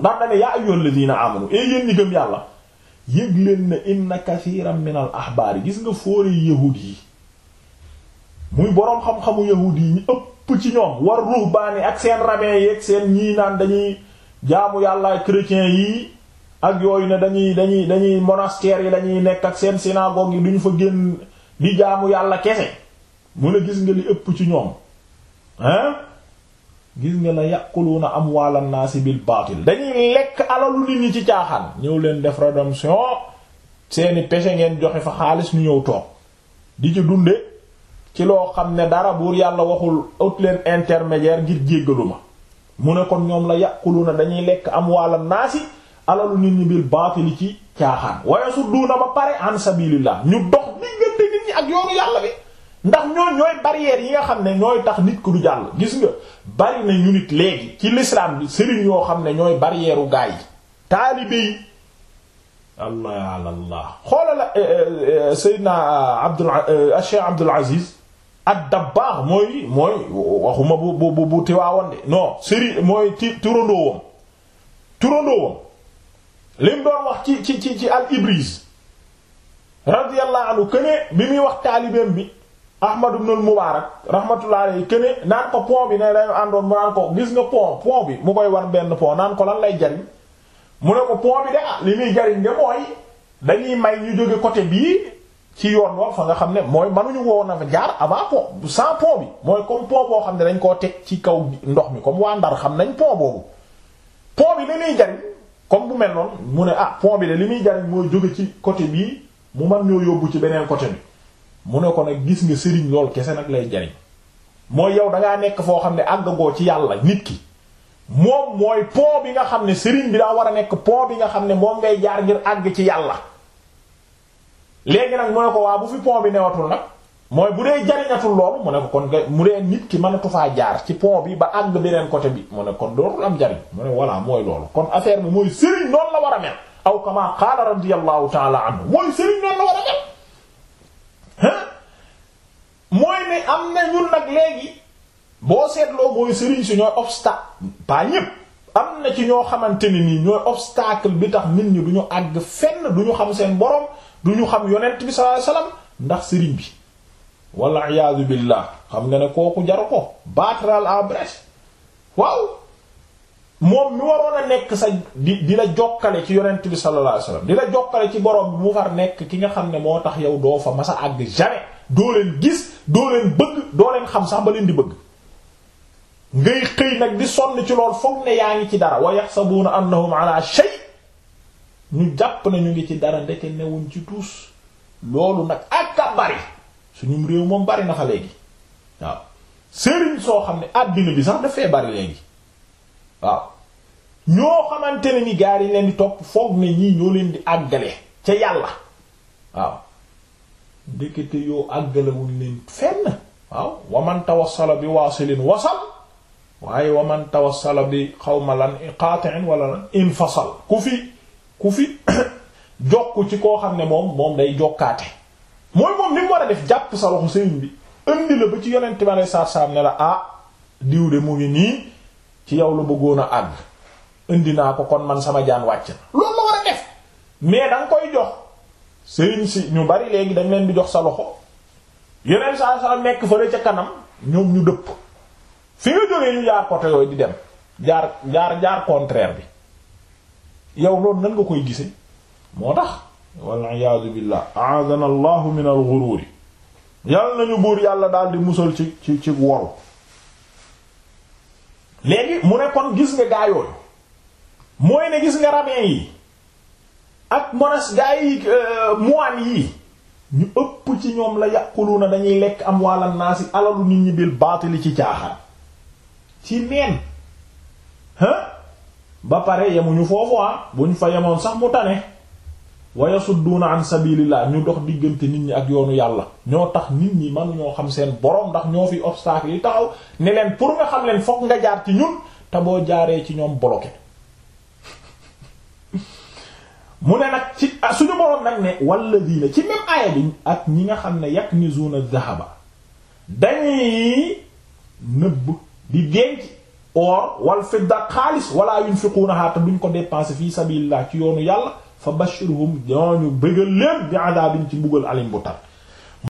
ndax dane yaa ayyuhal ladina amanu e eh, yéen ñi gëm yàlla yëg leen ne inna kathiran min al ahbaar yi gis nga fóore yahuud yi muy boroom xam-xamu yahuud yi ñu ëpp ci ñoom war ruhbaani ak seen rabbin yi ak seen ñii naan dañuy jaamu yàlla chrétien yi ak yooyu ne dañuy dañuy dañuy monastères yi dañuy nekk ak seen synagogue yi duñu fa génn di jaamu yàlla kese mu ne gis nga li ëpp ci ñoom hein gis nga la yàquluuna amwaala naasi bil baatil dañuy lekk alalu nit ñi ci caaxaan ñëw leen def rédemption seeni péché ngeen joxe fa xaalis ñu ñëw toog di ci dunde ci loo xam ne dara buur yàlla waxul ut leen intermédiaire ngir jéggaluma mu ne kon ñoom la na dañuy lekk amwaala naasi alalu nit ñi bil baatil ci caaxaan waya su duuna ba pare an sabilillah ñu dox diggante nit ñi ak yoonu yàlla bi ndax ñoon ñooy barrières yi nga xam ne ñooy tax nit ku du jàll gis nga bari na ñu nit léegi ci l'islam bi sëriñ yoo xam ne ñooy barrière u gaa yi taalibe yi allah allah xoolal eh, eh, eh, Seydina Abdul Cheikh Abdul Aziz ad-Dabbaax mooy mooy waxuma bu bu bu tiwaawoon de sëriñ mooy ci turandoowam turandoowam lim doon wax ci ci ci ci al Ibriz radiyallahu anhu këne bi muy wax taalibeem bi Ahmad ibn al-Mubarak rahmatullahi alayhi kene naan ko pont bi ne dañu àndoon mu naan ko gis nga pont bi mu koy war benn pont naan ko lan lay jariñ mu ne ko pont bi de ah li muy jariñ de mooy dañuy jóge côté bii ci yoon wa nga xam ne mooy mënuñu woon na jaar avant pont sans bi mooy comme pont boo xam ne dañ koo teg ci kaw ndox mi comme waa Ndar xam nañ pont boobu pont bi li muy jariñ comme bu mel noonu mu ne ah pon bi de li muy jariñ mooy jóge ci côté bii mu mën ñoo yóbbu ci beneen côté bi mu ne ko nag gis nga sëriñ lool kese nag lay jariñ mooy yow dangaa nekk foo xam ne àggagoo ci yàlla nit ki moom mooy pont bi nga xam ne sëriñ bi daa war a nekk pont bi nga xam ne moom ngay jaar ngir àgg ci yàlla léegi nag mu fi pont bi newatul nag mooy bu dee jariñatul loolu mu ne ko kon mu dee nit ki mënatu faa jaar ci pont bi ba àgg beneen côté bi mu ne kon dootul am jariñ mooy loolu kon affaire bi mooy war a mel aw kama qaala radiyallahu ta'ala anhu mooy sëriñ noonu la war a mel mooy ne am na ñun nag léegi boo seetloo mooy sëriñ si ñooy obstacle pas ñépp am na ci ñoo xamante ni nii ñooy obstacle bi tax nit ñi du ñu àgg fenn du ñu xam seen boroom du ñu xam yonent bi sallallahu alayhi ndax sëriñ bi walla iyaazu billah xam nga ne kooku jaru ko batral à waaw moom mi waroon a nekk sa di di la jokkale ci yonent bi sallallahu alayhi di la jokkale ci borom bi mu far nekk ki nga xam ne moo tax yow doo fa masa àgg jamais doo leen gis doo leen bëgg doo leen xam sax ba leen di bëgg ngay xëy nag di sonn ci lool foog yaa ngi ci dara wa yaxsabuuna annahum ala shay ñu jàpp na ñu ngi ci dara ndeke newuñ ci tuus loolu nag aka bari ñum réew moom bari na fa léegi waaw sëriñ soo xam ne àddina bi sax dafee bari léegi waaw ñoo xamante ne ni gaar yi leen topp foog ne ñii ñoo leen di àggale ca yàlla waaw ndekete yoo àggalewuñ leen fenn waaw waman tawassala bi waasilin wasal waaye waman tawassala bi xawma lan qati'in wala lan infasal ku fi ku fi jokk ci koo xam ne moom moom day jokkaate mooy moom ni mu war a def jàpp sa loxo sëriñ bi indi la ba ci yonent bi alei saatu salaam ne la ah diw de mu ngi nii ci yow la bëggoon a àgg indi naa ko kon man sama jaan wàcc na loolu la war a def mais da koy jox sëriñ si ñu bari léegi dañ leen di jox sa loxo yeneen saa saa nekk fële ca kanam ñoom ñu dëpp fi nga côté yooyu di dem jaar jaar jaar contraire bi yow loolu nan nga koy gise moo tax wal iyaadu billah aadana allahu min al ghururi yàlla nañu buur yàlla daal di musal ci ci ci woru léegi mu ne kon gis nga gaa yooyu mooy ne gis nga rabbin yi ak monas gaa yi euh, moine yi ñu ëpp ci ñoom la na dañuy lekk am wàlla naasi alalu nit ñi bil baatili ci caaxaan ci neen ba pare yemuñu foofu ah buñ fa yemoon sax mu tane wa yasudduuna an sabilillah ñu dox diggante nit ñi ak yoonu yàlla ñoo tax nit ñi man ñoo xam seen borom ndax ñoo fi obstacle yi taxaw ne pour nga xam leen fokk nga jaar ci ñun te boo jaaree ci ñoom bloqué mu ne nag ci ah, suñu boroom nag ne walladina ci même aaya bi ak ñi nga xam ne yaknizuuna dhahaba dañuy nëbb di denc or wal fidda xaalis wala yunfiquunaha te duñ ko dépenser fii sabilillah ci yoonu yàlla fa bashirhum ñooñu bëggal leen bi adaabin ci mbugal alim bu tar